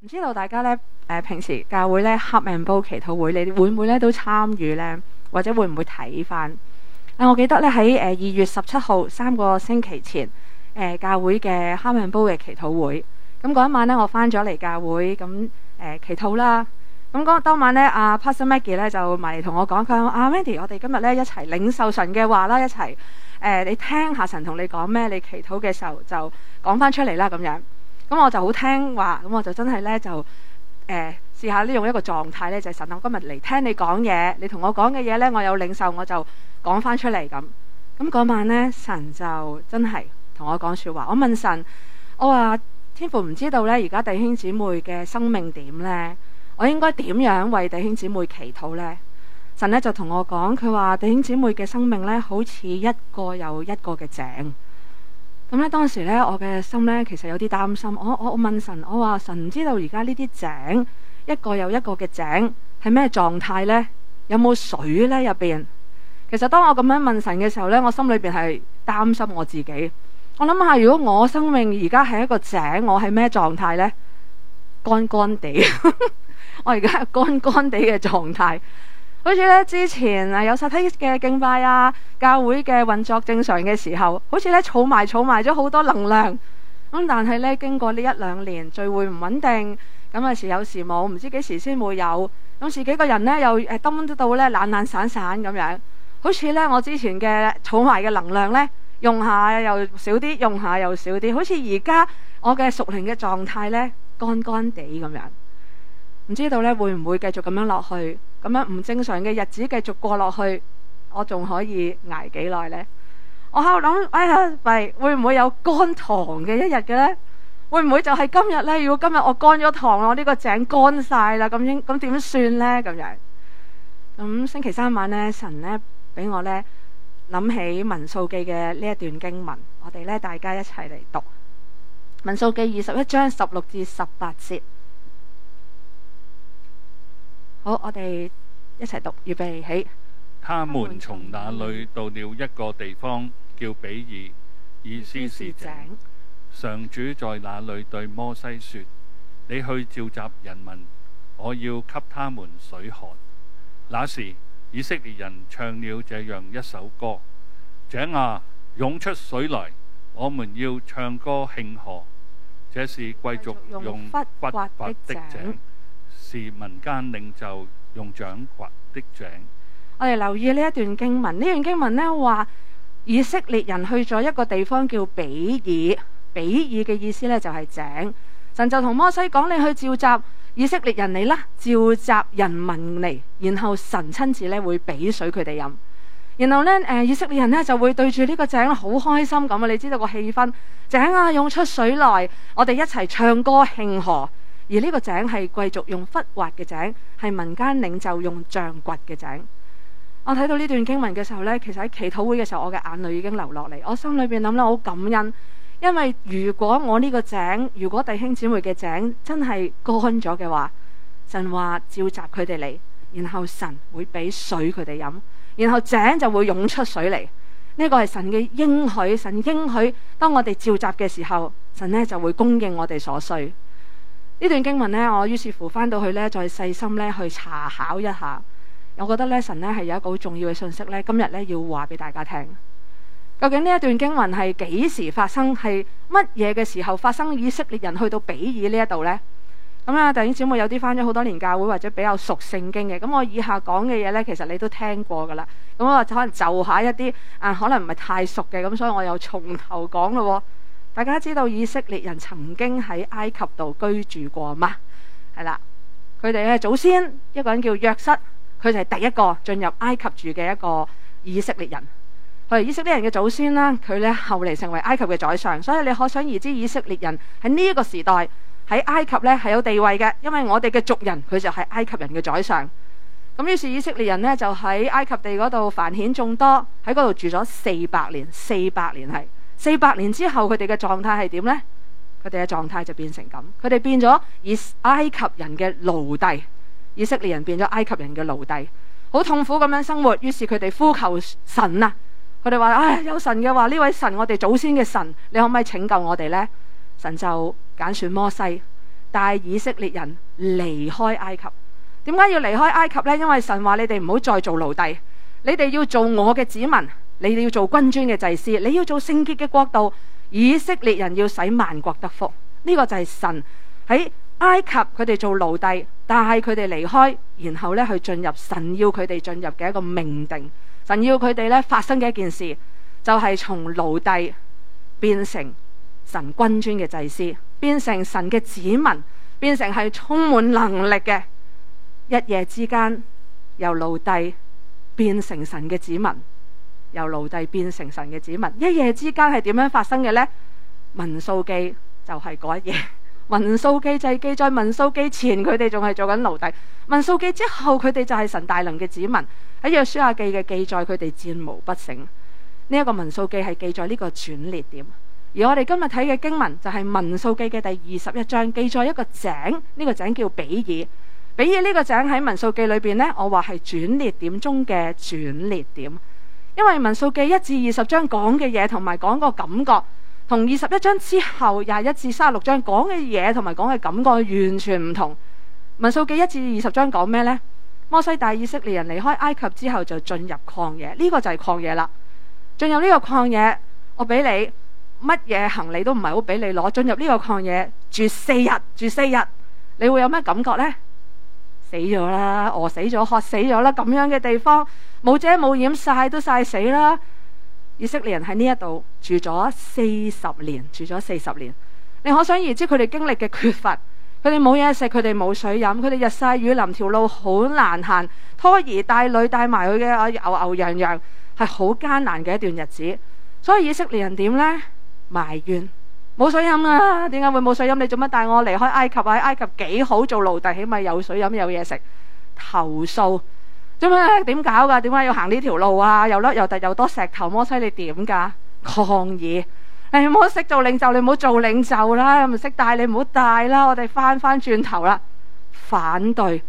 唔知道大家呢，誒、呃、平時教會咧黑面煲祈禱會，你會唔會呢，都參與呢，或者會唔會睇翻？啊、呃，我記得呢，喺誒二月十七號三個星期前，誒、呃、教會嘅黑面煲嘅祈禱會，咁、嗯、嗰一晚呢，我翻咗嚟教會，咁、嗯、誒、呃、祈禱啦。咁、嗯、嗰當晚呢，阿、啊、Pastor Maggie 呢，就埋嚟同我講，佢話，阿 Mandy，我哋今日呢，一齊領受神嘅話啦，一齊誒、呃、你聽下神同你講咩，你祈禱嘅時候就講翻出嚟啦咁樣。咁我就好聽話，咁我就真係呢，就誒試下呢，用一個狀態呢就是，神，我今日嚟聽你講嘢，你同我講嘅嘢呢，我有領受，我就講翻出嚟咁。咁嗰晚呢，神就真係同我講說話，我問神，我話天父，唔知道呢，而家弟兄姊妹嘅生命點呢？我應該點樣為弟兄姊妹祈禱呢？神呢就同我講，佢話弟兄姊妹嘅生命呢，好似一個又一個嘅井。咁咧，當時咧，我嘅心咧，其實有啲擔心。我我問神，我話神知道而家呢啲井一個又一個嘅井係咩狀態呢？有冇水呢？入邊？其實當我咁樣問神嘅時候呢，我心裏邊係擔心我自己。我諗下，如果我生命而家係一個井，我係咩狀態呢？乾乾地， 我而家係乾乾地嘅狀態。好似咧之前啊，有實體嘅敬拜啊，教會嘅運作正常嘅時候，好似咧儲埋儲埋咗好多能量。咁但係咧，經過呢一兩年聚會唔穩定，咁有時有時冇，唔知幾時先會有。咁自己個人咧又誒，得、呃、到咧懶懶散散咁樣，好似咧我之前嘅儲埋嘅能量咧用下又少啲，用下又少啲。好似而家我嘅屬靈嘅狀態咧乾乾地咁樣，唔知道咧會唔會繼續咁樣落去？咁樣唔正常嘅日子繼續過落去，我仲可以挨幾耐呢？我喺度諗，哎呀，喂，會唔會有乾塘嘅一日嘅呢？會唔會就係今日呢？如果今日我乾咗塘，我呢個井乾晒啦，咁應咁點算呢？」咁樣，咁星期三晚呢，神呢俾我呢，諗起民數記嘅呢一段經文，我哋呢，大家一齊嚟讀民數記二十一章十六至十八節。好，我哋一齊讀，預備起。他們從那裏到了一個地方叫比爾，意思是井。上主在那裏對摩西說：你去召集人民，我要給他們水喝。那時以色列人唱了這樣一首歌：井啊，湧出水來，我們要唱歌慶賀。這是貴族用掘的井。是民間領袖用掌掘的井。我哋留意呢一段經文，呢段經文呢話，以色列人去咗一個地方叫比爾，比爾嘅意思呢，就係、是、井。神就同摩西講：你去召集以色列人嚟啦，召集人民嚟，然後神親自咧會俾水佢哋飲。然後呢，誒以色列人呢就會對住呢個井好開心咁啊！你知道個氣氛，井啊湧出水來，我哋一齊唱歌慶賀。而呢個井係貴族用忽挖嘅井，係民間領袖用杖掘嘅井。我睇到呢段經文嘅時候呢，其實喺祈禱會嘅時候，我嘅眼淚已經流落嚟。我心裏邊諗到好感恩，因為如果我呢個井，如果弟兄姊妹嘅井真係乾咗嘅話，神話召集佢哋嚟，然後神會俾水佢哋飲，然後井就會湧出水嚟。呢、這個係神嘅應許，神應許，當我哋召集嘅時候，神呢就會供應我哋所需。呢段經文呢，我於是乎翻到去呢，再細心呢去查考一下，我覺得呢神呢係有一個好重要嘅信息呢，今日呢要話俾大家聽。究竟呢一段經文係幾時發生？係乜嘢嘅時候發生，以色列人去到比爾呢一度呢？咁、嗯、咧，弟兄姊妹有啲翻咗好多年教會或者比較熟聖經嘅，咁、嗯、我以下講嘅嘢呢，其實你都聽過噶啦。咁、嗯、我就可能就一下一啲啊、嗯，可能唔係太熟嘅，咁、嗯、所以我又從頭講咯、哦。大家知道以色列人曾經喺埃及度居住過嗎？係啦，佢哋嘅祖先一個人叫約瑟，佢就係第一個進入埃及住嘅一個以色列人。佢係以色列人嘅祖先啦，佢呢後嚟成為埃及嘅宰相。所以你可想而知，以色列人喺呢一個時代喺埃及呢係有地位嘅，因為我哋嘅族人佢就係埃及人嘅宰相。咁於是以色列人呢就喺埃及地嗰度繁衍眾多，喺嗰度住咗四百年，四百年係。四百年之後，佢哋嘅狀態係點呢？佢哋嘅狀態就變成咁，佢哋變咗以埃及人嘅奴隸，以色列人變咗埃及人嘅奴隸，好痛苦咁樣生活。於是佢哋呼求神啊，佢哋話：唉、哎，有神嘅話，呢位神，我哋祖先嘅神，你可唔可以拯救我哋呢？神就揀選摩西帶以色列人離開埃及。點解要離開埃及呢？因為神話你哋唔好再做奴隸，你哋要做我嘅子民。你哋要做君尊嘅祭司，你要做聖潔嘅國度。以色列人要使萬國得福，呢、這個就係神喺埃及佢哋做奴隸，帶佢哋離開，然後咧去進入神要佢哋進入嘅一個命定。神要佢哋咧發生嘅一件事，就係、是、從奴隸變成神君尊嘅祭司，變成神嘅子民，變成係充滿能力嘅。一夜之間，由奴隸變成神嘅子民。由奴隸變成神嘅子民，一夜之間係點樣發生嘅呢？民數記就係嗰一夜。民 數記就記載，民數記前佢哋仲係做緊奴隸，民數記之後佢哋就係神大能嘅子民。喺約書亞記嘅記載，佢哋戰無不勝。呢、這、一個民數記係記載呢個轉捩點，而我哋今日睇嘅經文就係民數記嘅第二十一章記載一個井，呢、這個井叫比爾比爾呢個井喺民數記裏邊呢，我話係轉捩點中嘅轉捩點。因為民數記一至二十章講嘅嘢，同埋講個感覺，同二十一章之後廿一至三十六章講嘅嘢同埋講嘅感覺完全唔同。民數記一至二十章講咩呢？摩西帶以色列人離開埃及之後就進入曠野，呢、呢個就係曠野啦。進入呢個曠野，我俾你乜嘢行李都唔係好俾你攞。進入呢個曠野住四日，住四日你會有咩感覺呢？死咗啦，餓死咗，渴死咗啦！咁樣嘅地方，冇遮冇掩，曬都曬死啦！以色列人喺呢一度住咗四十年，住咗四十年，你可想而知佢哋經歷嘅缺乏，佢哋冇嘢食，佢哋冇水飲，佢哋日曬雨淋，條路好難行，拖兒帶女帶埋佢嘅牛牛羊羊，係好艱難嘅一段日子。所以以色列人點呢？埋怨。冇水飲啊？點解會冇水飲？你做乜帶我離開埃及啊？埃及幾好，做奴隸起碼有水飲有嘢食。投訴，做咩？點搞噶？點解要行呢條路啊？又甩又突又，又多石頭，摩西你點噶？抗議，你唔好識做領袖，你唔好做領袖啦。唔識帶，你唔好帶啦。我哋翻翻轉頭啦。反對，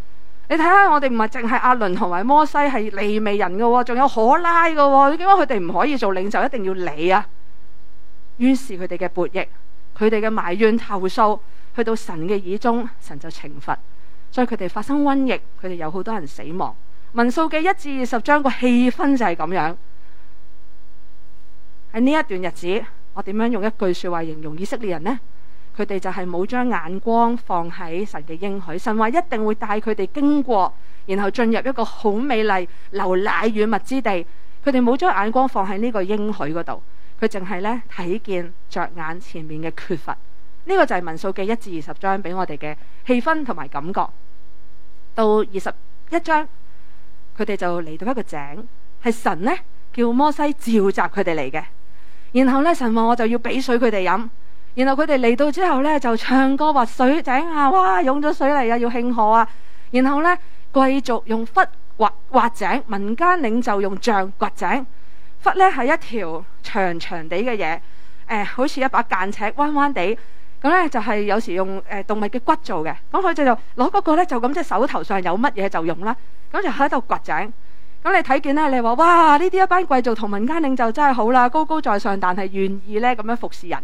你睇下我哋唔係淨係亞倫同埋摩西係利未人噶、喎，仲有可拉噶、喎。點解佢哋唔可以做領袖？一定要你啊？於是佢哋嘅悖逆，佢哋嘅埋怨投訴，去到神嘅耳中，神就懲罰，所以佢哋發生瘟疫，佢哋有好多人死亡。民數記一至二十章個氣氛就係咁樣。喺呢一段日子，我點樣用一句說話形容以色列人呢？佢哋就係冇將眼光放喺神嘅應許，神話一定會帶佢哋經過，然後進入一個好美麗流奶與蜜之地，佢哋冇將眼光放喺呢個應許嗰度。佢淨係咧睇見着眼前面嘅缺乏，呢個就係民數記一至二十章俾我哋嘅氣氛同埋感覺。到二十一章，佢哋就嚟到一個井，係神呢叫摩西召集佢哋嚟嘅。然後咧神話我就要俾水佢哋飲。然後佢哋嚟到之後咧就唱歌挖水井啊，哇湧咗水嚟啊要慶賀啊。然後咧貴族用斧挖挖井，民間領袖用杖刮井。骨咧係一條長長地嘅嘢，誒、呃，好似一把間尺彎彎地，咁、嗯、咧就係、是、有時用誒、呃、動物嘅骨做嘅。咁、嗯、佢就攞嗰個咧就咁即係手頭上有乜嘢就用啦。咁、嗯、就喺度掘井。咁你睇見咧，你話哇呢啲一班貴族同民間領袖真係好啦，高高在上，但係願意咧咁樣服侍人。咁、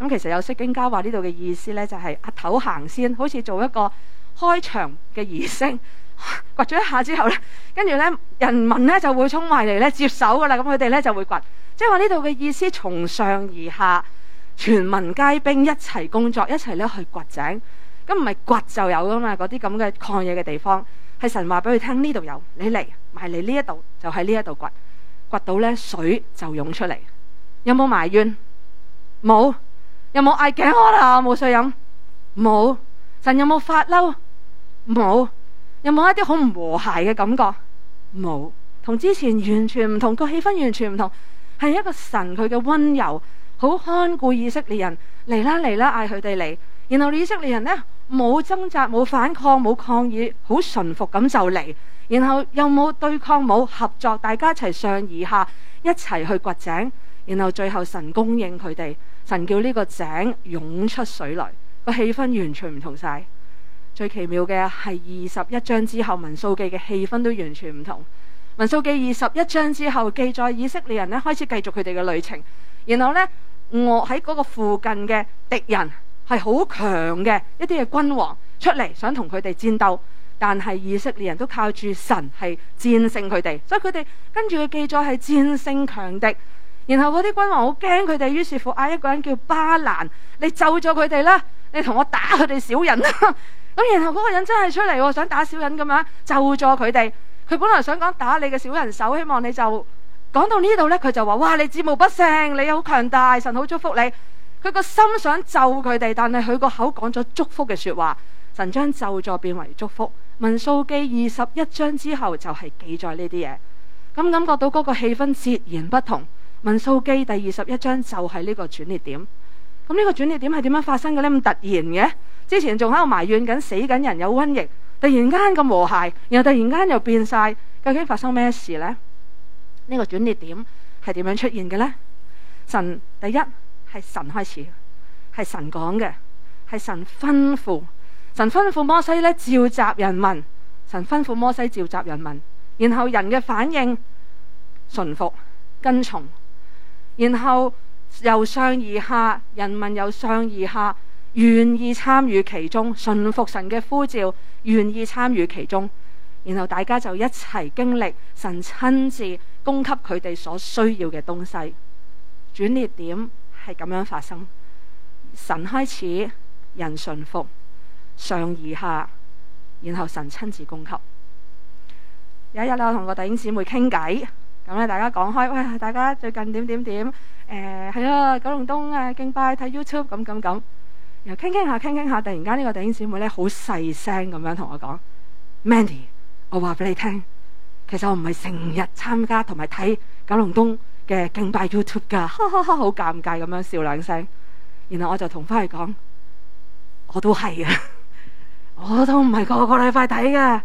嗯、其實有釋經家話呢度嘅意思咧，就係、是、阿頭行先，好似做一個開場嘅儀式。」掘咗一下之後呢，跟住呢人民呢就會衝埋嚟呢接手噶啦。咁佢哋呢就會掘，即係話呢度嘅意思，從上而下，全民皆兵，一齊工作，一齊呢去掘井。咁唔係掘就有噶嘛？嗰啲咁嘅抗嘢嘅地方係神話俾佢聽呢度有，你嚟埋嚟呢一度就喺呢一度掘掘到呢，水就湧出嚟。有冇埋怨？冇。有冇嗌頸渴啦？冇水飲？冇。神有冇發嬲？冇。有冇一啲好唔和諧嘅感覺？冇，同之前完全唔同，個氣氛完全唔同，係一個神佢嘅溫柔，好看顧以色列人，嚟啦，嚟啦，嗌佢哋嚟。然後以色列人呢，冇掙扎，冇反抗，冇抗議，好順服咁就嚟。然後又冇對抗，冇合作，大家一齊上而下一齊去掘井。然後最後神供應佢哋，神叫呢個井湧出水來，個氣氛完全唔同晒。最奇妙嘅係二十一章之後，《民數記》嘅氣氛都完全唔同。《民數記》二十一章之後，記載以色列人咧開始繼續佢哋嘅旅程。然後呢，我喺嗰個附近嘅敵人係好強嘅一啲嘅君王出嚟，想同佢哋戰鬥。但係以色列人都靠住神係戰勝佢哋，所以佢哋跟住嘅記載係戰勝強敵。然後嗰啲君王好驚佢哋，於是乎嗌一個人叫巴蘭，你咒咗佢哋啦，你同我打佢哋小人啦。 咁然後嗰個人真係出嚟，想打小人咁樣咒詛佢哋。佢本來想講打你嘅小人手，希望你就講到呢度呢，佢就話，哇，你戰無不勝，你好強大，神好祝福你。佢個心想咒佢哋，但係佢個口講咗祝福嘅說話。神將咒詛變為祝福。民數記二十一章之後就係記載呢啲嘢，咁感覺到嗰個氣氛截然不同。民數記第二十一章就係呢個轉捩點。咁、這、呢個轉捩點係點樣發生嘅呢？咁突然嘅？之前仲喺度埋怨緊死緊人有瘟疫，突然間咁和諧，然後突然間又變晒。究竟發生咩事呢？呢個轉捩點係點樣出現嘅呢？神第一係神開始，係神講嘅，係神吩咐。神吩咐摩西咧召集人民，神吩咐摩西召集人民，然後人嘅反應順服跟從，然後由上而下，人民由上而下。願意參與其中，順服神嘅呼召，願意參與其中，然後大家就一齊經歷神親自供給佢哋所需要嘅東西。轉捩點係咁樣發生，神開始，人順服，上而下，然後神親自供給。有一日啦，我同個弟兄姊妹傾偈，咁咧大家講開，喂，大家最近點點點？誒、呃，係啊，九龍東誒敬拜睇 YouTube 咁咁咁。又傾傾下傾傾下，突然間呢個弟兄姊妹咧好細聲咁樣同我講：Mandy，我話俾你聽，其實我唔係成日參加同埋睇九龍東嘅敬拜 YouTube 噶，哈哈哈，哈，好尷尬咁樣笑兩聲。然後我就同翻去講：我都係啊， 我都唔係個個禮拜睇嘅。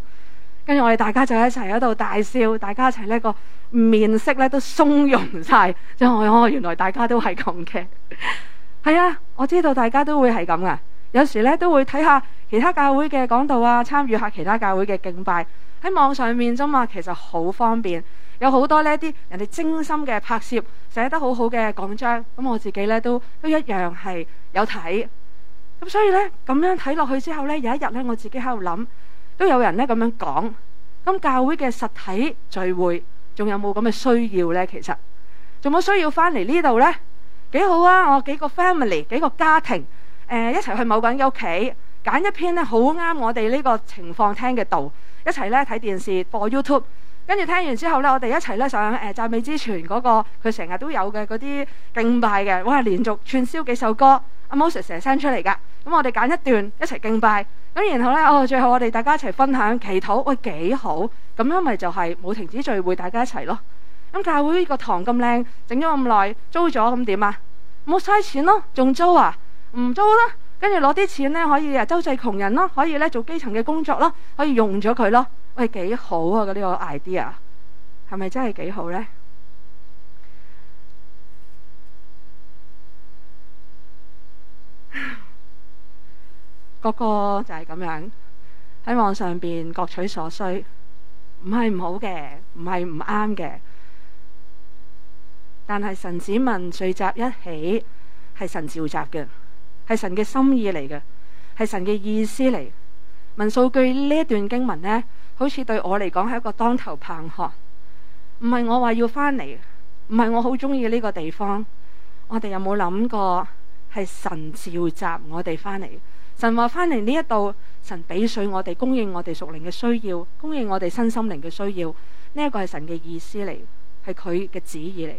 跟住我哋大家就一齊喺度大笑，大家一齊呢個面色咧都鬆容晒，即係我哦，原來大家都係咁嘅。係啊，我知道大家都會係咁噶，有時咧都會睇下其他教會嘅講道啊，參與下其他教會嘅敬拜喺網上面啫嘛，其實好方便，有好多呢啲人哋精心嘅拍攝、寫得好好嘅講章，咁我自己咧都都一樣係有睇，咁所以呢，咁樣睇落去之後呢，有一日呢，我自己喺度諗，都有人呢咁樣講，咁教會嘅實體聚會仲有冇咁嘅需要呢？其實仲有冇需要翻嚟呢度呢？幾好啊！我幾個 family 幾個家庭，誒、呃、一齊去某個人嘅屋企揀一篇咧，好啱我哋呢個情況聽嘅道，一齊咧睇電視播 YouTube，跟住聽完之後咧，我哋一齊咧上誒讚、呃、美之泉嗰、那個，佢成日都有嘅嗰啲敬拜嘅，我哇連續串燒幾首歌，阿、啊、Moses 成日 send 出嚟㗎，咁我哋揀一段一齊敬拜，咁然後咧哦，最後我哋大家一齊分享祈禱，喂、哎、幾好，咁樣咪就係冇停止聚會，大家一齊咯。咁教會呢個堂咁靚，整咗咁耐，租咗咁點啊？冇嘥錢咯，仲租啊？唔租啦、啊，跟住攞啲錢呢，可以啊周濟窮人咯、啊，可以呢，做基層嘅工作咯、啊，可以用咗佢咯。喂，幾好啊！嗰、這、呢個 idea 係咪真係幾好呢？嗰 個就係咁樣喺網上邊各取所需，唔係唔好嘅，唔係唔啱嘅。但係神子民聚集一起，係神召集嘅，係神嘅心意嚟嘅，係神嘅意思嚟。民數記呢一段經文呢，好似對我嚟講係一個當頭棒喝。唔係我話要返嚟，唔係我好中意呢個地方。我哋有冇諗過係神召集我哋返嚟？神話返嚟呢一度，神俾水我哋供應我哋屬靈嘅需要，供應我哋身心靈嘅需要。呢、這、一個係神嘅意思嚟，係佢嘅旨意嚟。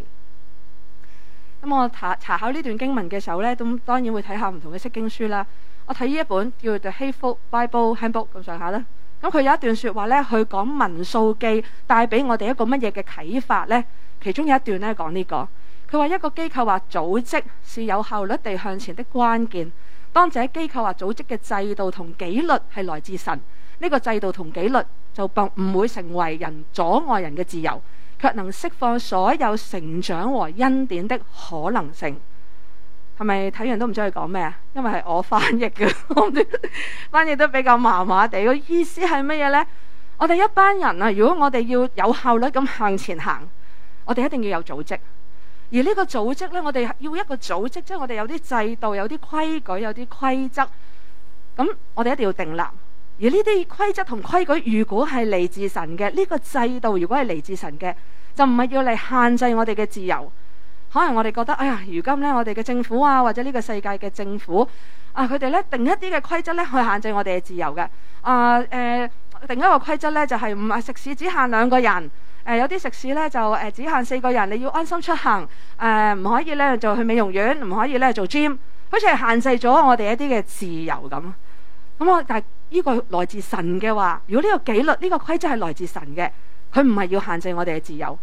咁我查查考呢段經文嘅時候咧，咁當然會睇下唔同嘅釋經書啦。我睇呢一本叫做《Hebrew Bible Handbook 咁上下啦。咁佢有一段說話咧，佢講民數記帶俾我哋一個乜嘢嘅啟發咧。其中有一段咧講呢、這個，佢話一個機構或組織是有效率地向前的關鍵，當這機構或組織嘅制度同紀律係來自神，呢、這個制度同紀律就並唔會成為人阻礙人嘅自由。卻能釋放所有成長和恩典的可能性，係咪睇完都唔知佢講咩啊？因為係我翻譯嘅， 翻譯得比較麻麻地。個意思係乜嘢呢？我哋一班人啊，如果我哋要有效率咁向前行，我哋一定要有組織。而呢個組織呢，我哋要一個組織，即係我哋有啲制度、有啲規矩、有啲規則。咁我哋一定要定立。而呢啲規則同規矩，如果係嚟自神嘅，呢、這個制度如果係嚟自神嘅，就唔係要嚟限制我哋嘅自由。可能我哋覺得，哎呀，如今呢，我哋嘅政府啊，或者呢個世界嘅政府啊，佢哋呢，定一啲嘅規則呢，去限制我哋嘅自由嘅。啊，誒、呃，定一個規則呢，就係、是、唔食肆只限兩個人。誒、呃，有啲食肆呢，就誒、呃、只限四個人，你要安心出行。誒、呃，唔可以呢，就去美容院，唔可以呢做 gym，好似係限制咗我哋一啲嘅自由咁。咁我、嗯、但係呢個來自神嘅話，如果呢個紀律呢、呢個規則係來自神嘅，佢唔係要限制我哋嘅自由，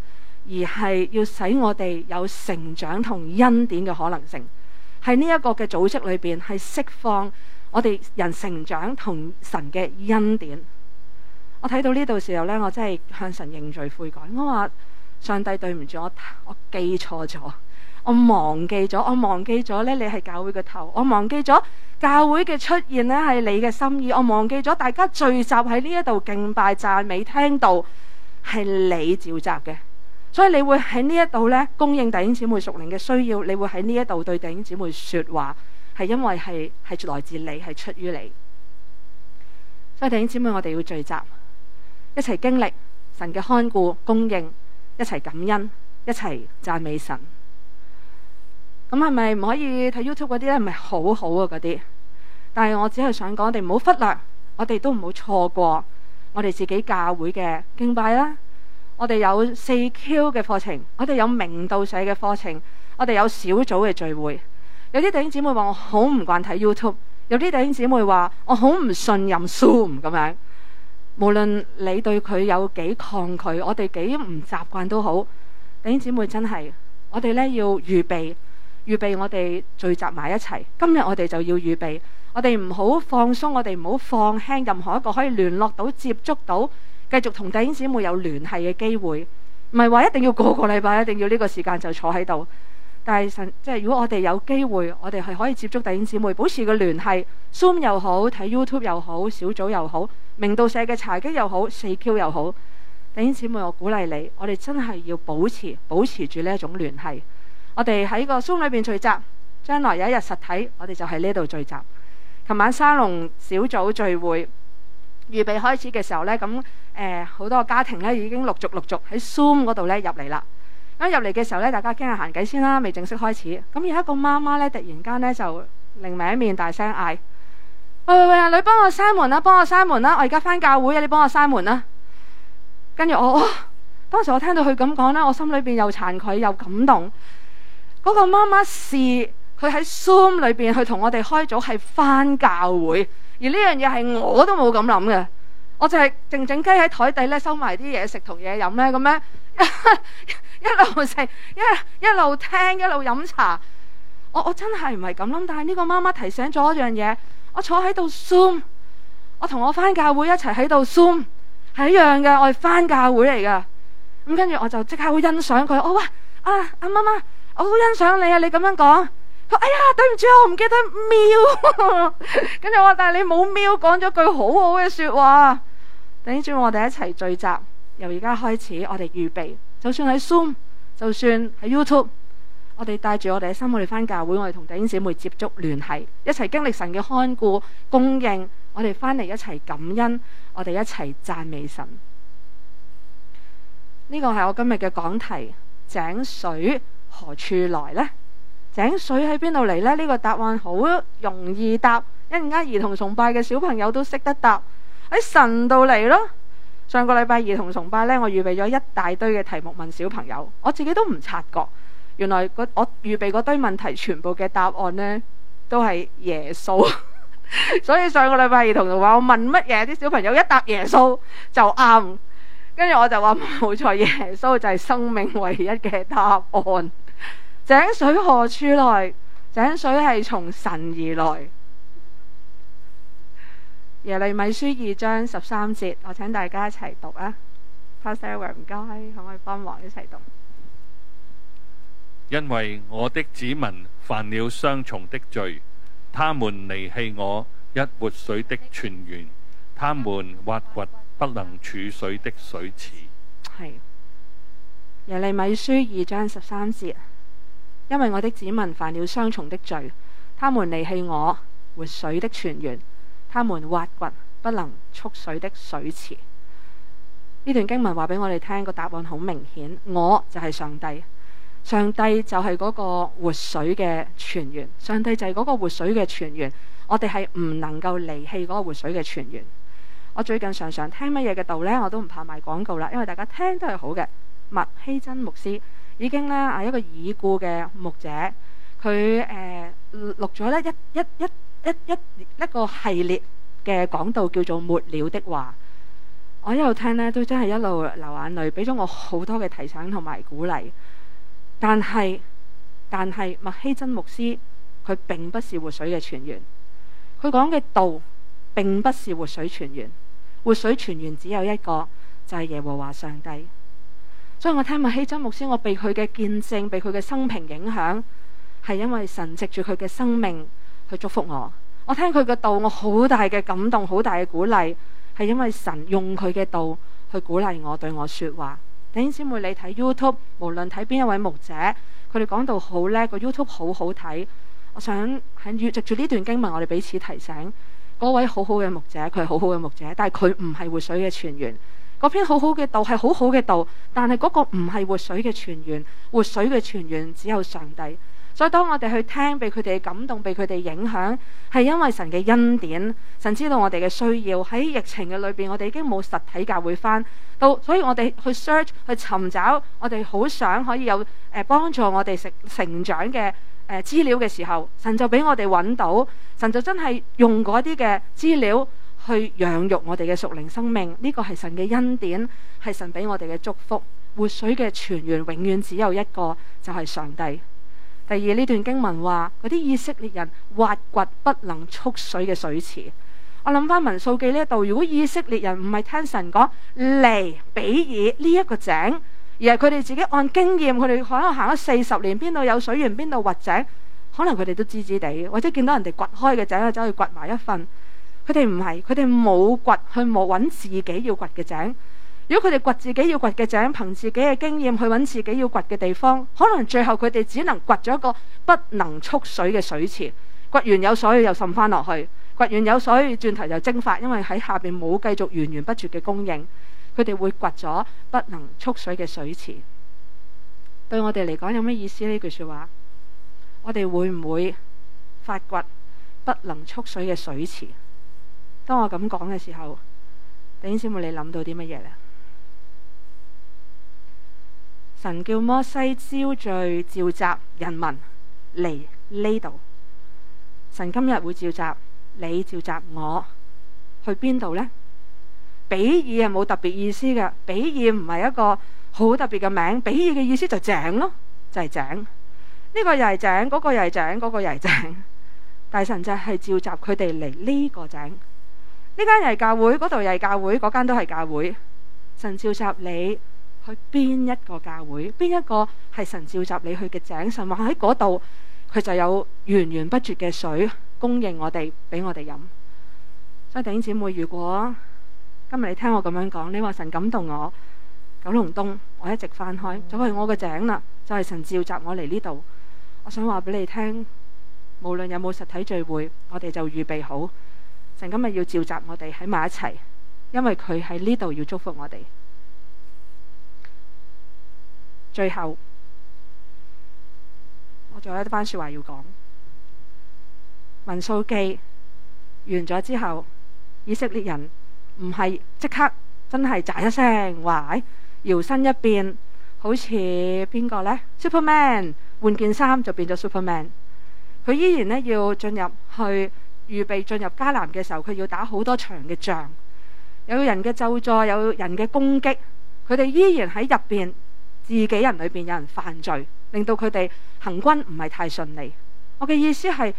而係要使我哋有成長同恩典嘅可能性。喺呢一個嘅組織裏邊，係釋放我哋人成長同神嘅恩典。我睇到呢度時候咧，我真係向神認罪悔改。我話上帝對唔住我，我記錯咗。我忘記咗，我忘記咗咧。你係教會嘅頭，我忘記咗教會嘅出現呢係你嘅心意，我忘記咗大家聚集喺呢一度敬拜、讚美、聽道係你召集嘅，所以你會喺呢一度呢，供應弟兄姊妹屬靈嘅需要，你會喺呢一度對弟兄姊妹說話，係因為係係來自你，係出於你。所以弟兄姊妹，我哋要聚集一齊經歷神嘅看顧供應，一齊感恩，一齊讚美神。咁係咪唔可以睇 YouTube 嗰啲咧？唔係好好啊嗰啲。但係我只係想講，我哋唔好忽略，我哋都唔好錯過我哋自己教會嘅敬拜啦。我哋有四 Q 嘅課程，我哋有明道社嘅課程，我哋有小組嘅聚會。有啲弟兄姊妹話我好唔慣睇 YouTube，有啲弟兄姊妹話我好唔信任 Zoom 咁樣。無論你對佢有幾抗拒，我哋幾唔習慣都好，弟兄姊妹真係我哋咧要預備。預備我哋聚集埋一齊。今日我哋就要預備，我哋唔好放鬆，我哋唔好放輕任何一個可以聯絡到、接觸到、繼續同弟兄姊妹有聯繫嘅機會。唔係話一定要個個禮拜，一定要呢個時間就坐喺度。但係神即係，如果我哋有機會，我哋係可以接觸弟兄姊妹，保持個聯繫，Zoom 又好，睇 YouTube 又好，小組又好，明道社嘅茶几又好，四 Q 又好。弟兄姊妹，我鼓勵你，我哋真係要保持，保持住呢一種聯繫。我哋喺個 Zoom 裏邊聚集，將來有一日實體，我哋就喺呢度聚集。琴晚沙龍小組聚會預備開始嘅時候呢，咁誒好多家庭呢已經陸續陸續喺 Zoom 嗰度呢入嚟啦。咁入嚟嘅時候呢，大家傾下閒偈先啦，未正式開始。咁而家個媽媽呢，突然間呢就擰埋一面大聲嗌：喂喂喂，阿女幫我閂門啦、啊，幫我閂門啦、啊，我而家返教會啊，你幫我閂門啦。跟住我當時我聽到佢咁講呢，我心裏邊又慚愧又感動。嗰個媽媽試佢喺 zoom 裏邊，去同我哋開咗係翻教會，而呢樣嘢係我都冇咁諗嘅。我就係靜靜雞喺台底咧收埋啲嘢食同嘢飲咧，咁樣 一路食一一路聽一路飲茶。我我真係唔係咁諗，但係呢個媽媽提醒咗一樣嘢，我坐喺度 zoom，我同我翻教會一齊喺度 zoom 係一樣嘅，我係翻教會嚟噶。咁跟住我就即刻會欣賞佢。我喂啊，阿媽媽。啊啊啊啊我好欣賞你啊！你咁樣講，哎呀，對唔住，我唔記得喵。 跟住我話，但係你冇喵講咗句好好嘅說話。等住，我哋一齊聚集，由而家開始，我哋預備，就算喺 Zoom，就算喺 YouTube，我哋帶住我哋嘅心，我哋返教會，我哋同弟兄姐妹接觸聯繫，一齊經歷神嘅看顧供應，我哋返嚟一齊感恩，我哋一齊讚美神。呢個係我今日嘅講題：井水。何處來呢？井水喺邊度嚟呢？呢個答案好容易答，因一陣間兒童崇拜嘅小朋友都識得答喺神度嚟咯。上個禮拜兒童崇拜呢，我預備咗一大堆嘅題目問小朋友，我自己都唔察覺，原來我預備嗰堆問題全部嘅答案呢，都係耶穌， 所以上個禮拜兒童就話：我問乜嘢，啲小朋友一答耶穌就啱，跟住我就話冇錯，耶穌就係生命唯一嘅答案。井水何處來？井水係從神而來。耶利米書二章十三節，我請大家一齊讀啊。Pastor 唔該，可唔可以幫忙一齊讀？因為我啲子民犯了雙重的罪，佢哋離棄我一活水的泉源，佢哋挖掘不能儲水的水池。係耶利米書二章十三節。因為我的子民犯了雙重的罪，他們離棄我活水的泉源，他們挖掘不能蓄水的水池。呢段經文話俾我哋聽，個答案好明顯，我就係上帝，上帝就係嗰個活水嘅泉源，上帝就係嗰個活水嘅泉源，我哋係唔能夠離棄嗰個活水嘅泉源。我最近常常聽乜嘢嘅道呢？我都唔怕賣廣告啦，因為大家聽都係好嘅。麥希真牧師。已經呢，啊，一個已故嘅牧者，佢誒、呃、錄咗呢一一一一一一,一個系列嘅講道，叫做《末了的話》。我一路聽呢，都真係一路流眼淚，俾咗我好多嘅提醒同埋鼓勵。但係但係麥希真牧師，佢並不是活水嘅泉源。佢講嘅道並不是活水泉源，活水泉源只有一個，就係、是、耶和華上帝。所以我聽麥希真牧師，我被佢嘅見證，被佢嘅生平影響，係因為神藉住佢嘅生命去祝福我。我聽佢嘅道，我好大嘅感動，好大嘅鼓勵，係因為神用佢嘅道去鼓勵我，對我說話。弟兄姊妹，你睇 YouTube，無論睇邊一位牧者，佢哋講到好叻個 YouTube 好好睇。我想喺藉住呢段經文，我哋彼此提醒，嗰位好好嘅牧者，佢係好好嘅牧者，但係佢唔係活水嘅泉源。嗰篇好好嘅道係好好嘅道，但係嗰個唔係活水嘅泉源，活水嘅泉源只有上帝。所以當我哋去聽，被佢哋感動，被佢哋影響，係因為神嘅恩典。神知道我哋嘅需要，喺疫情嘅裏邊，我哋已經冇實體教會翻到，所以我哋去 search 去尋找，我哋好想可以有誒幫助我哋成成長嘅誒資料嘅時候，神就俾我哋揾到，神就真係用嗰啲嘅資料。去養育我哋嘅屬靈生命，呢、這個係神嘅恩典，係神俾我哋嘅祝福。活水嘅泉源永遠只有一個，就係、是、上帝。第二，呢段經文話，嗰啲以色列人挖掘不能蓄水嘅水池，我諗翻民數記呢一度，如果以色列人唔係聽神講嚟比爾呢一個井，而係佢哋自己按經驗，佢哋可能行咗四十年，邊度有水源邊度挖井，可能佢哋都知知地，或者見到人哋掘開嘅井，走去掘埋一份。佢哋唔係，佢哋冇掘去冇揾自己要掘嘅井。如果佢哋掘自己要掘嘅井，憑自己嘅經驗去揾自己要掘嘅地方，可能最後佢哋只能掘咗一個不能蓄水嘅水池。掘完有水又滲翻落去，掘完有水轉頭就蒸發，因為喺下邊冇繼續源源不絕嘅供應。佢哋會掘咗不能蓄水嘅水池。對我哋嚟講，有咩意思呢句說話？我哋會唔會發掘不能蓄水嘅水池？當我咁講嘅時候，頂師妹，你諗到啲乜嘢呢？神叫摩西招聚召集人民嚟呢度。神今日會召集你召集我去邊度呢？比爾係冇特別意思嘅，比爾唔係一個好特別嘅名。比爾嘅意思就井咯，就係、是、井。呢、這個又係井，嗰、這個又係井，嗰、這個又係井。這個井這個、井 大神就係召集佢哋嚟呢個井。呢間又係教會，嗰度又係教會，嗰間都係教會。神召集你去邊一個教會？邊一個係神召集你去嘅井？神話喺嗰度，佢就有源源不絕嘅水供應我哋俾我哋飲。所以弟兄姊妹，如果今日你聽我咁樣講，你話神感動我，九龍東我一直翻開，就去、嗯、我個井啦，就係神召集我嚟呢度。我想話俾你聽，無論有冇實體聚會，我哋就預備好。今日要召集我哋喺埋一齊，因為佢喺呢度要祝福我哋。最後，我仲有一番說話要講。文素記完咗之後，以色列人唔係即刻真係咋一聲話，搖身一變，好似邊個呢 Superman 換件衫就變咗 Superman，佢依然呢要進入去。預備進入迦南嘅時候，佢要打好多場嘅仗，有人嘅咒詛，有人嘅攻擊，佢哋依然喺入邊自己人裏邊有人犯罪，令到佢哋行軍唔係太順利。我嘅意思係，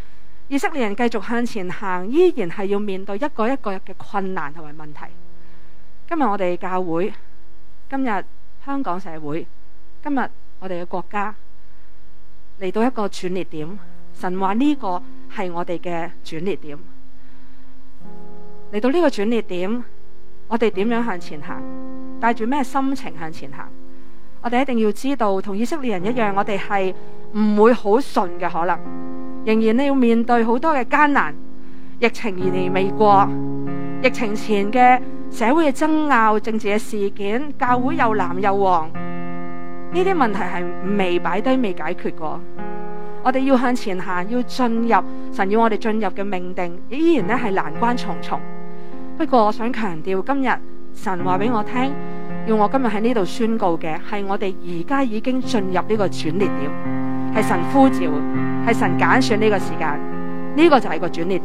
以色列人繼續向前行，依然係要面對一個一個嘅困難同埋問題。今日我哋嘅教會，今日香港社會，今日我哋嘅國家嚟到一個轉捩點。神話呢、這個。係我哋嘅轉捩點，嚟到呢個轉捩點，我哋點樣向前行？帶住咩心情向前行？我哋一定要知道，同以色列人一樣，我哋係唔會好順嘅，可能仍然你要面對好多嘅艱難。疫情而嚟未過，疫情前嘅社會嘅爭拗、政治嘅事件、教會又藍又黃，呢啲問題係未擺低、未解決過。我哋要向前行，要進入神要我哋進入嘅命定，依然咧係難關重重。不過我想強調，今日神話俾我聽，要我今日喺呢度宣告嘅係我哋而家已經進入呢個轉捩點，係神呼召，係神揀選呢個時間，呢個就係個轉捩點。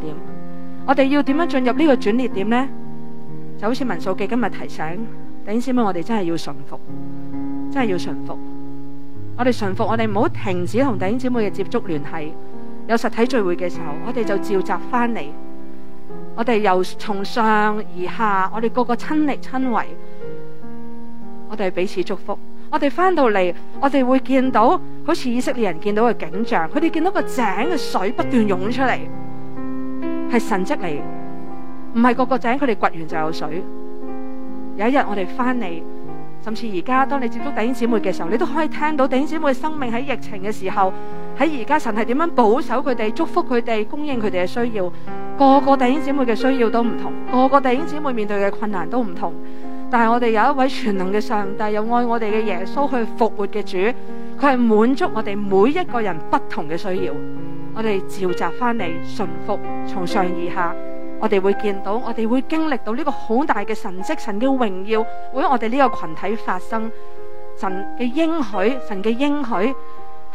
我哋要點樣進入呢個轉捩點咧？就好似民數記今日提醒，等住我哋真係要順服，真係要順服。我哋順服，我哋唔好停止同弟兄姊妹嘅接觸聯繫。有實體聚會嘅時候，我哋就召集翻嚟。我哋由從上而下，我哋個個親力親為。我哋彼此祝福。我哋翻到嚟，我哋會見到好似以色列人見到嘅景象。佢哋見到個井嘅水不斷湧出嚟，係神跡嚟，唔係個個井佢哋掘完就有水。有一日我哋翻嚟。甚至而家當你接觸弟兄姊妹嘅時候，你都可以聽到弟兄姊妹嘅生命喺疫情嘅時候，喺而家神係點樣保守佢哋、祝福佢哋、供應佢哋嘅需要。個個弟兄姊妹嘅需要都唔同，個個弟兄姊妹面對嘅困難都唔同。但係我哋有一位全能嘅上帝，又愛我哋嘅耶穌去復活嘅主，佢係滿足我哋每一個人不同嘅需要。我哋召集翻嚟，順服從上而下。我哋會見到，我哋會經歷到呢個好大嘅神蹟，神嘅榮耀會喺我哋呢個群體發生。神嘅應許，神嘅應許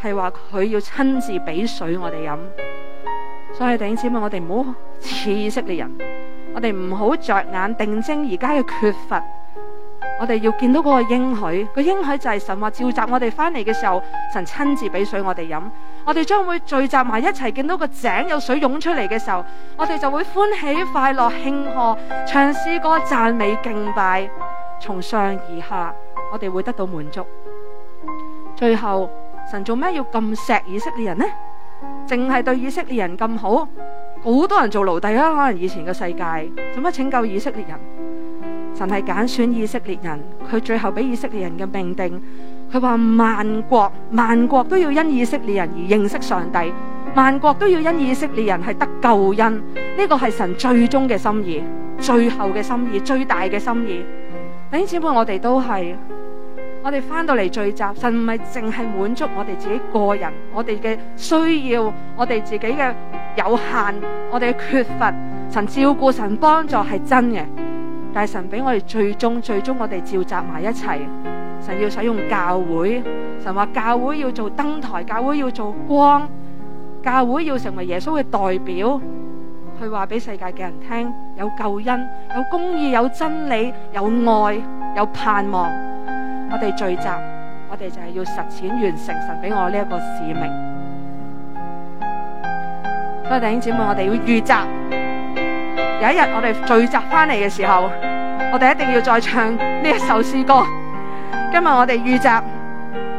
係話佢要親自俾水我哋飲。所以弟兄姊妹，我哋唔好似以色列人，我哋唔好着眼定睛而家嘅缺乏，我哋要見到嗰個應許。個應許就係神話召集我哋翻嚟嘅時候，神親自俾水我哋飲。我哋將會聚集埋一齊，見到個井有水湧出嚟嘅時候，我哋就會歡喜快樂慶賀，唱詩歌讚美敬拜。從上而下，我哋會得到滿足。最後，神做咩要咁錫以色列人呢？淨係對以色列人咁好，好多人做奴隸啊。可能以前嘅世界，做乜拯救以色列人？神係揀選以色列人，佢最後俾以色列人嘅命定。佢話萬國萬國都要因以色列人而認識上帝，萬國都要因以色列人係得救恩。呢、這個係神最終嘅心意、最後嘅心意、最大嘅心意。弟兄姊妹，我哋都係，我哋翻到嚟聚集，神唔係淨係滿足我哋自己個人，我哋嘅需要，我哋自己嘅有限，我哋嘅缺乏，神照顧、神幫助係真嘅，但係神俾我哋最終、最終，我哋召集埋一齊。神要使用教會，神話教會要做燈台，教會要做光，教會要成為耶穌嘅代表，去話俾世界嘅人聽有救恩、有公義、有真理、有愛、有盼望。我哋聚集，我哋就係要實踐完成神俾我呢一個使命。所以弟兄姊妹，我哋要預習，有一日我哋聚集翻嚟嘅時候，我哋一定要再唱呢一首詩歌。今日我哋預習，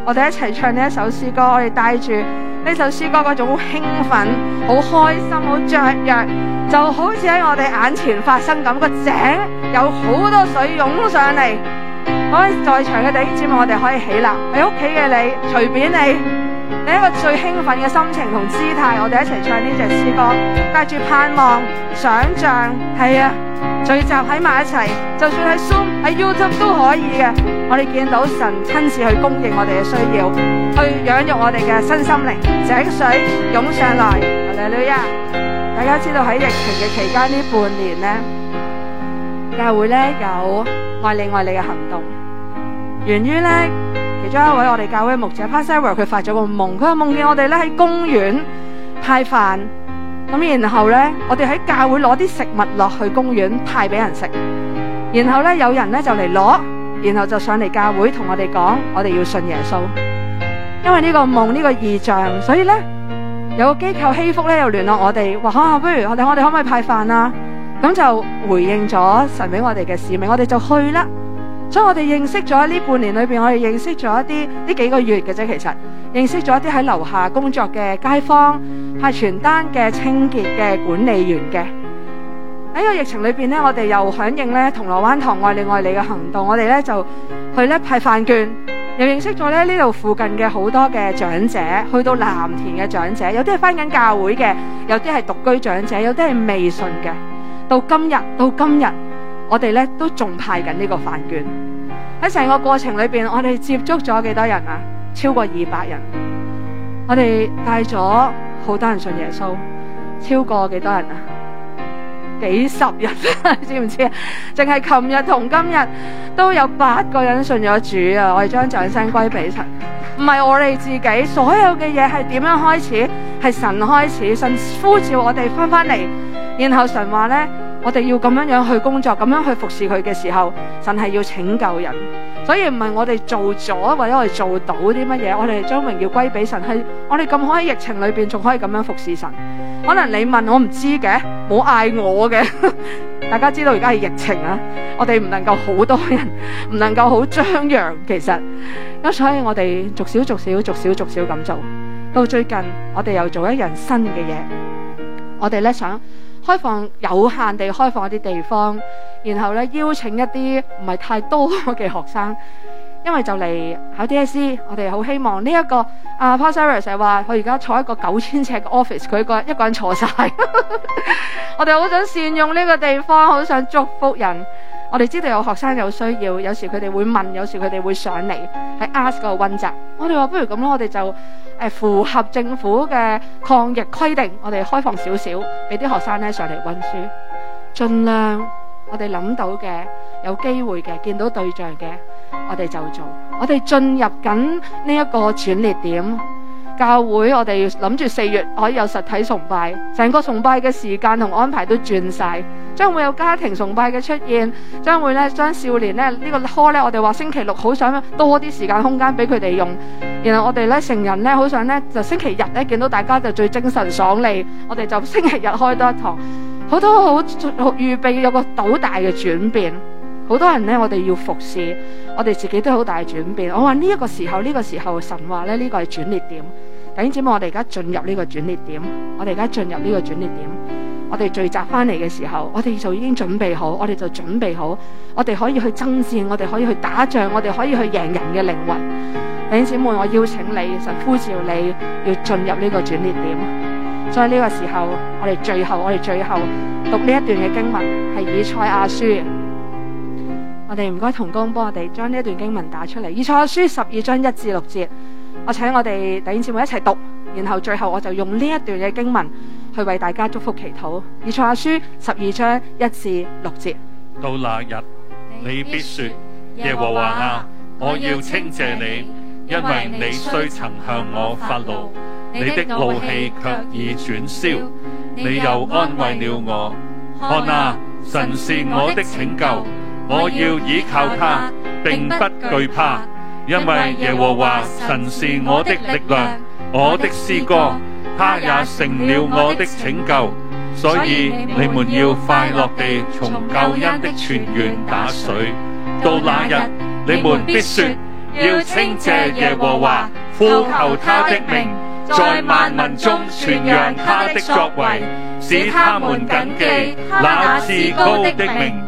我哋一齊唱呢一首詩歌，我哋帶住呢首詩歌嗰種興奮、好開心、好雀躍，就好似喺我哋眼前發生咁。個井有好多水湧上嚟，我哋在場嘅弟兄姊妹，我哋可以起立。喺屋企嘅你，隨便你。你一個最興奮嘅心情同姿態，我哋一齊唱呢隻詩歌，帶住盼望、想象，係啊，聚集喺埋一齊，就算喺 Zoom、喺 YouTube 都可以嘅。我哋見到神親自去供應我哋嘅需要，去養育我哋嘅身心靈。井水湧上來，哈利路亞啊！大家知道喺疫情嘅期間呢半年呢，教會呢有愛你愛你嘅行動，源於呢。其中一位我哋教會牧者 Pastor 佢發咗個夢，佢話夢見我哋咧喺公園派飯，咁然後咧我哋喺教會攞啲食物落去公園派俾人食，然後咧有人咧就嚟攞，然後就上嚟教會同我哋講，我哋要信耶穌，因為呢個夢呢個異象，所以咧有個機構祈福咧又聯絡我哋，話啊不如我哋我哋可唔可以派飯啊？咁就回應咗神俾我哋嘅使命，我哋就去啦。所以我哋認識咗呢半年裏面，我哋認識咗一啲呢幾個月嘅啫。其實認識咗一啲喺樓下工作嘅街坊，派傳單嘅、清潔嘅、管理員嘅。喺個疫情裏面咧，我哋又響應咧銅鑼灣堂愛你愛你嘅行動，我哋咧就去咧派飯券，又認識咗咧呢度附近嘅好多嘅長者，去到藍田嘅長者，有啲係返緊教會嘅，有啲係獨居長者，有啲係未信嘅。到今日，到今日。我哋咧都仲派緊呢個飯券，喺成個過程裏邊，我哋接觸咗幾多人啊？超過二百人。我哋帶咗好多人信耶穌，超過幾多人啊？幾十人， 知唔知啊？淨係琴日同今日都有八個人信咗主啊！我哋將掌聲歸俾神，唔係我哋自己。所有嘅嘢係點樣開始？係神開始，神呼召我哋翻返嚟，然後神話咧。我哋要咁樣樣去工作，咁樣去服侍佢嘅時候，神係要拯救人，所以唔係我哋做咗，或者我哋做到啲乜嘢，我哋將榮耀歸俾神。係我哋咁可以喺疫情裏邊仲可以咁樣服侍神，可能你問我唔知嘅，冇嗌我嘅。 大家知道而家係疫情啊，我哋唔能夠好多人，唔能夠好張揚。其實咁，所以我哋逐少逐少逐少逐少咁做，到最近我哋又做一樣新嘅嘢，我哋咧想。開放有限地開放一啲地方，然後咧邀請一啲唔係太多嘅學生，因為就嚟考 DSE。我哋好希望呢一、這個阿、啊、Passer 是話佢而家坐一個九千尺嘅 office，佢個一個人坐晒。 」我哋好想善用呢個地方，好想祝福人。我哋知道有學生有需要，有時佢哋會問，有時佢哋會上嚟喺 ask 嗰個溫習。我哋話不如咁咯，我哋就符合政府嘅抗疫規定，我哋開放少少，俾啲學生上嚟温書，儘量我哋諗到嘅有機會嘅見到對象嘅，我哋就做。我哋進入緊呢一個轉捩點。教會我哋諗住四月可以有實體崇拜，成個崇拜嘅時間同安排都轉晒，將會有家庭崇拜嘅出現，將會咧，將少年咧呢、這個科，我哋話星期六好想多啲時間空間俾佢哋用，然後我哋成人好想星期日咧見到大家就最精神爽利，我哋就星期日開多一堂，好多好預備有個好大嘅轉變。好多人呢，我哋要服侍，我哋自己都好大轉變。我話呢個時候，呢個時候神話呢，呢個係轉捩點。弟兄姊妹，我哋而家進入呢個轉捩點，我哋而家進入呢個轉捩點。我哋聚集翻嚟嘅時候，我哋就已經準備好，我哋就準備好，我哋可以去爭戰，我哋可以去打仗，我哋可以去贏人嘅靈魂。弟兄姊妹，我邀請你，神呼召你要進入呢個轉捩點。所以呢個時候，我哋最後，我哋最後讀呢一段嘅經文係以賽亞書。我哋唔該，同工幫我哋將呢一段經文打出嚟，《以賽亞書》十二章一至六節。我請我哋弟兄姊妹一齊讀，然後最後我就用呢一段嘅經文去為大家祝福祈禱，《以賽亞書》十二章一至六節。到那日，你必說：耶和華啊，我要稱謝你，因為你雖曾向我發怒，你的怒氣卻已轉消，你又安慰了我。看啊，神是我的拯救。我要倚靠他，並不懼怕，因為耶和華神是我的力量，我的詩歌，他也成了我的拯救。所以你們要快樂地從救恩的泉源打水。到那日，你們必說，要稱謝耶和華，呼求他的名，在萬民中傳揚他的作為，使他們謹記，那至高的名。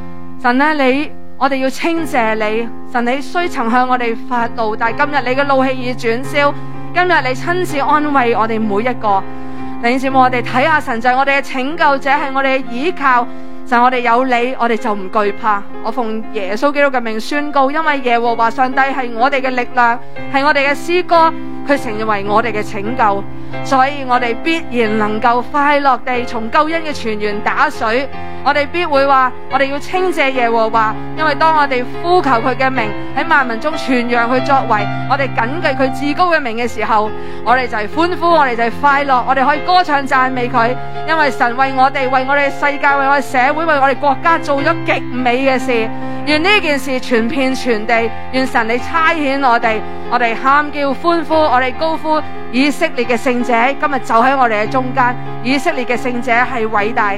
神呢、啊，你我哋要稱謝你。神，你雖曾向我哋發怒，但今日你嘅怒氣已轉消。今日你親自安慰我哋每一個。第二節目，我哋睇下神就係我哋嘅拯救者，係我哋倚靠。但我哋有你，我哋就唔懼怕。我奉耶穌基督嘅名宣告，因為耶和華上帝係我哋嘅力量，係我哋嘅詩歌，佢成為我哋嘅拯救，所以我哋必然能夠快樂地從救恩嘅泉源打水。我哋必會話，我哋要稱謝耶和華，因為當我哋呼求佢嘅名喺萬民中傳揚佢作為，我哋謹記佢至高嘅名嘅時候，我哋就係歡呼，我哋就係快樂，我哋可以歌唱讚美佢，因為神為我哋，為我哋嘅世界，為我哋嘅社會。因為我哋國家做咗極美嘅事，願呢件事傳遍全、全地，願神你差遣我哋，我哋喊叫歡呼，我哋高呼以色列嘅聖者今日就喺我哋嘅中間，以色列嘅聖者係偉大。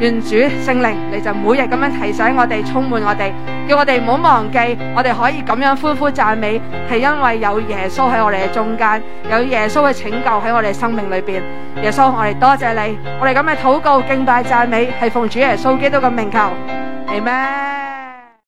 願主聖靈，你就每日咁樣提醒我哋，充滿我哋，叫我哋唔好忘記，我哋可以咁樣歡呼讚美，係因為有耶穌喺我哋嘅中間，有耶穌嘅拯救喺我哋嘅生命裏邊。耶穌，我哋多謝你，我哋咁樣禱告、敬拜、讚美，係奉主耶穌基督嘅名求，係咩？